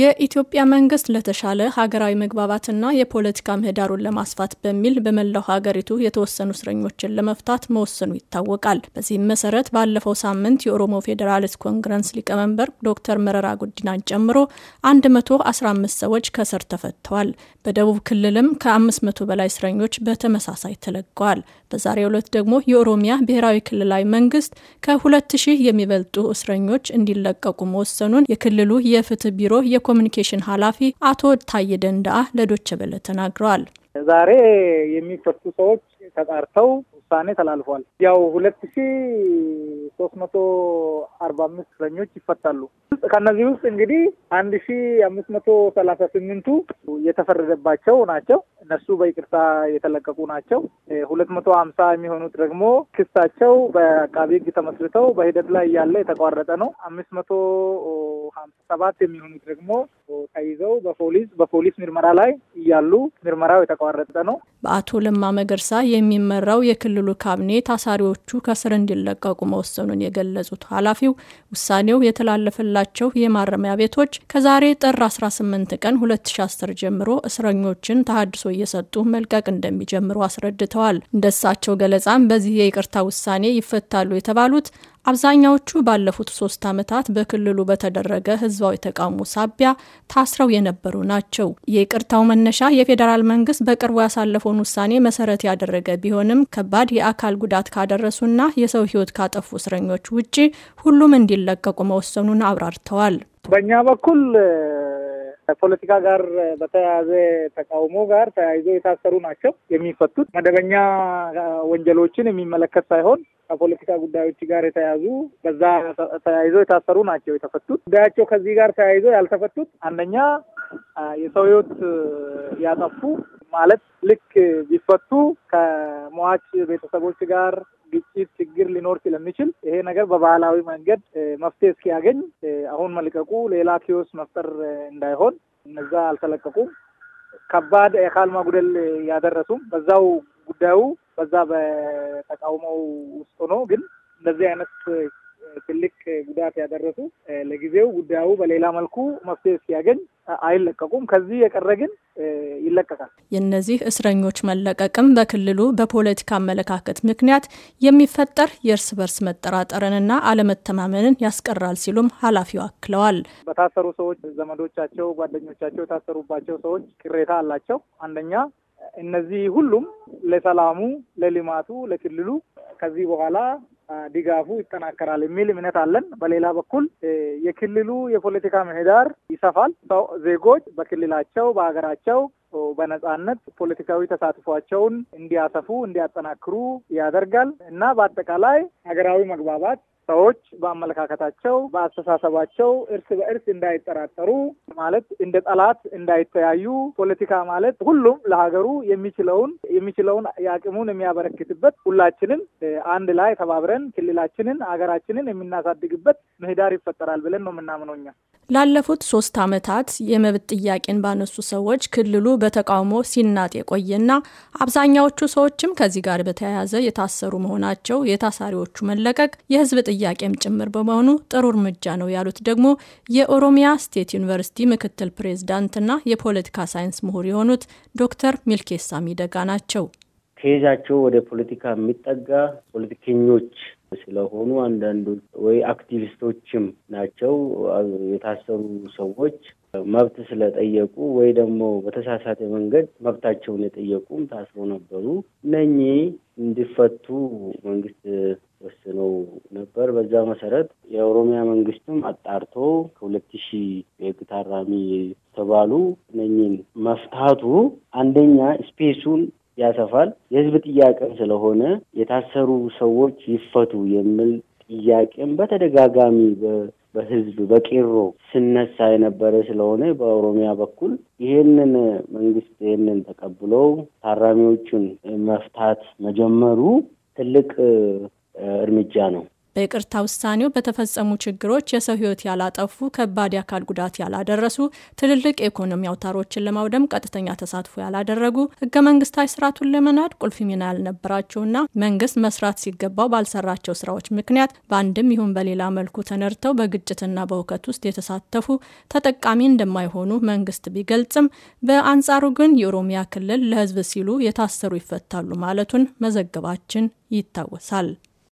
የኢትዮጵያ መንግስት ለተሻለ ሀገራዊ መግባባትና የፖለቲካ ምህዳሩን ለማስፋት በሚል በመላው ሀገሪቱ የተወሰኑ እስረኞችን ለመፍታት መወሰኑ ይታወቃል። በዚህም መሰረት ባለፈው ሳምንት የኦሮሞ ፌዴራሊስት ኮንግረስ ሊቀመንበር ዶክተር መረራ ጉዲናን ጨምሮ 115 ሰዎች ከእስር ተፈተዋል። በደቡብ ክልልም ከ500 በላይ እስረኞች በተመሳሳይ ተለቀዋል። በዛሬው ዕለት ደግሞ የኦሮሚያ ብሔራዊ ክልላዊ መንግስት ከ2000 የሚበልጡ እስረኞች እንዲለቀቁ መወሰኑን የክልሉ የፍትህ ቢሮ የኮሚኒኬሽን ኃላፊ አቶ ታየ ደንዳአ ለዶቼ ቬለ ተናግረዋል። ዛሬ የሚፈቱ ሰዎች ተጣርተው ውሳኔ ተላልፏል። ያው ሁለት ሺ ሶስት መቶ አርባ አምስት እስረኞች ይፈታሉ። ከእነዚህ ውስጥ እንግዲህ አንድ ሺ አምስት መቶ ሰላሳ ስምንቱ የተፈረደባቸው ናቸው። እነሱ በይቅርታ የተለቀቁ ናቸው። ሁለት መቶ ሀምሳ የሚሆኑት ደግሞ ክሳቸው በአቃቢ ሕግ ተመስርተው በሂደት ላይ ያለ የተቋረጠ ነው። አምስት መቶ ሀምሳ ሰባት የሚሆኑት ደግሞ ተይዘው በፖሊስ በፖሊስ ምርመራ ላይ እያሉ ምርመራው የተቋረጠ ነው። በአቶ ለማ መገርሳ የሚመራው የክልሉ ካቢኔ ታሳሪዎቹ ከስር እንዲለቀቁ መወሰኑን የገለጹት ኃላፊው ውሳኔው የተላለፈላቸው የማረሚያ ቤቶች ከዛሬ ጥር 18 ቀን 2010 ጀምሮ እስረኞችን ተሀድሶ እየሰጡ መልቀቅ እንደሚጀምሩ አስረድተዋል። እንደሳቸው ገለጻም በዚህ የይቅርታ ውሳኔ ይፈታሉ የተባሉት አብዛኛዎቹ ባለፉት ሶስት ዓመታት በክልሉ በተደረገ ህዝባዊ ተቃውሞ ሳቢያ ታስረው የነበሩ ናቸው። የይቅርታው መነሻ የፌዴራል መንግስት በቅርቡ ያሳለፈውን ውሳኔ መሰረት ያደረገ ቢሆንም ከባድ የአካል ጉዳት ካደረሱና የሰው ህይወት ካጠፉ እስረኞች ውጪ ሁሉም እንዲለቀቁ መወሰኑን አብራርተዋል። በእኛ በኩል ከፖለቲካ ጋር በተያያዘ ተቃውሞ ጋር ተያይዞ የታሰሩ ናቸው የሚፈቱት። መደበኛ ወንጀሎችን የሚመለከት ሳይሆን ከፖለቲካ ጉዳዮች ጋር የተያዙ በዛ ተያይዞ የታሰሩ ናቸው የተፈቱት። ጉዳያቸው ከዚህ ጋር ተያይዞ ያልተፈቱት አንደኛ የሰው ሕይወት ያጠፉ ማለት ልክ ቢፈቱ ከሟች ቤተሰቦች ጋር ችግር ሊኖር ስለሚችል ይሄ ነገር በባህላዊ መንገድ መፍትሄ እስኪያገኝ አሁን መልቀቁ ሌላ ኪዮስ መፍጠር እንዳይሆን እነዛ አልተለቀቁም። ከባድ የአካል ማጉደል ያደረሱም በዛው ጉዳዩ በዛ በተቃውሞው ውስጥ ሆኖ ግን እንደዚህ አይነት ትልቅ ጉዳት ያደረሱ ለጊዜው ጉዳዩ በሌላ መልኩ መፍትሄ ሲያገኝ አይለቀቁም። ከዚህ የቀረ ግን ይለቀቃል። የእነዚህ እስረኞች መለቀቅም በክልሉ በፖለቲካ አመለካከት ምክንያት የሚፈጠር የእርስ በርስ መጠራጠርንና አለመተማመንን ያስቀራል ሲሉም ኃላፊው አክለዋል። በታሰሩ ሰዎች ዘመዶቻቸው፣ ጓደኞቻቸው የታሰሩባቸው ሰዎች ቅሬታ አላቸው። አንደኛ እነዚህ ሁሉም ለሰላሙ፣ ለልማቱ፣ ለክልሉ ከዚህ በኋላ ድጋፉ ይጠናከራል የሚል እምነት አለን። በሌላ በኩል የክልሉ የፖለቲካ ምህዳር ይሰፋል። ዜጎች በክልላቸው በሀገራቸው በነጻነት ፖለቲካዊ ተሳትፏቸውን እንዲያሰፉ እንዲያጠናክሩ ያደርጋል እና በአጠቃላይ ሀገራዊ መግባባት ሰዎች በአመለካከታቸው፣ በአስተሳሰባቸው እርስ በእርስ እንዳይጠራጠሩ ማለት እንደ ጠላት እንዳይተያዩ ፖለቲካ ማለት ሁሉም ለሀገሩ የሚችለውን የሚችለውን የአቅሙን የሚያበረክትበት ሁላችንም አንድ ላይ ተባብረን ክልላችንን ሀገራችንን የምናሳድግበት ምህዳር ይፈጠራል ብለን ነው የምናምነው እኛ። ላለፉት ሶስት ዓመታት የመብት ጥያቄን ባነሱ ሰዎች ክልሉ በተቃውሞ ሲናጥ የቆየና አብዛኛዎቹ ሰዎችም ከዚህ ጋር በተያያዘ የታሰሩ መሆናቸው የታሳሪዎቹ መለቀቅ የህዝብ ጥያቄም ጭምር በመሆኑ ጥሩ እርምጃ ነው ያሉት ደግሞ የኦሮሚያ ስቴት ዩኒቨርሲቲ ምክትል ፕሬዝዳንትና የፖለቲካ ሳይንስ ምሁር የሆኑት ዶክተር ሚልኬሳ ሚደጋ ናቸው። ከዛቸው ወደ ፖለቲካ የሚጠጋ ፖለቲከኞች ስለሆኑ አንዳንዶች ወይ አክቲቪስቶችም ናቸው የታሰሩ ሰዎች መብት ስለጠየቁ ወይ ደግሞ በተሳሳተ መንገድ መብታቸውን የጠየቁም ታስሮ ነበሩ። እነኚህ እንዲፈቱ መንግስት ወስነው ነበር። በዛ መሰረት የኦሮሚያ መንግስትም አጣርቶ ከሁለት ሺህ የህግ ታራሚ የተባሉ እነኚህን መፍታቱ አንደኛ ስፔሱን ያሰፋል፣ የህዝብ ጥያቄም ስለሆነ የታሰሩ ሰዎች ይፈቱ የሚል ጥያቄም በተደጋጋሚ በህዝብ በቄሮ ስነሳ የነበረ ስለሆነ በኦሮሚያ በኩል ይህንን መንግስት ይህንን ተቀብለው ታራሚዎቹን መፍታት መጀመሩ ትልቅ እርምጃ ነው። በይቅርታ ውሳኔው በተፈጸሙ ችግሮች የሰው ህይወት ያላጠፉ ከባድ የአካል ጉዳት ያላደረሱ ትልልቅ የኢኮኖሚ አውታሮችን ለማውደም ቀጥተኛ ተሳትፎ ያላደረጉ ህገ መንግስታዊ ስርዓቱን ለመናድ ቁልፍ ሚና ያልነበራቸውና መንግስት መስራት ሲገባው ባልሰራቸው ስራዎች ምክንያት በአንድም ይሁን በሌላ መልኩ ተነድተው በግጭትና በውከት ውስጥ የተሳተፉ ተጠቃሚ እንደማይሆኑ መንግስት ቢገልጽም በአንጻሩ ግን የኦሮሚያ ክልል ለህዝብ ሲሉ የታሰሩ ይፈታሉ ማለቱን መዘገባችን ይታወሳል።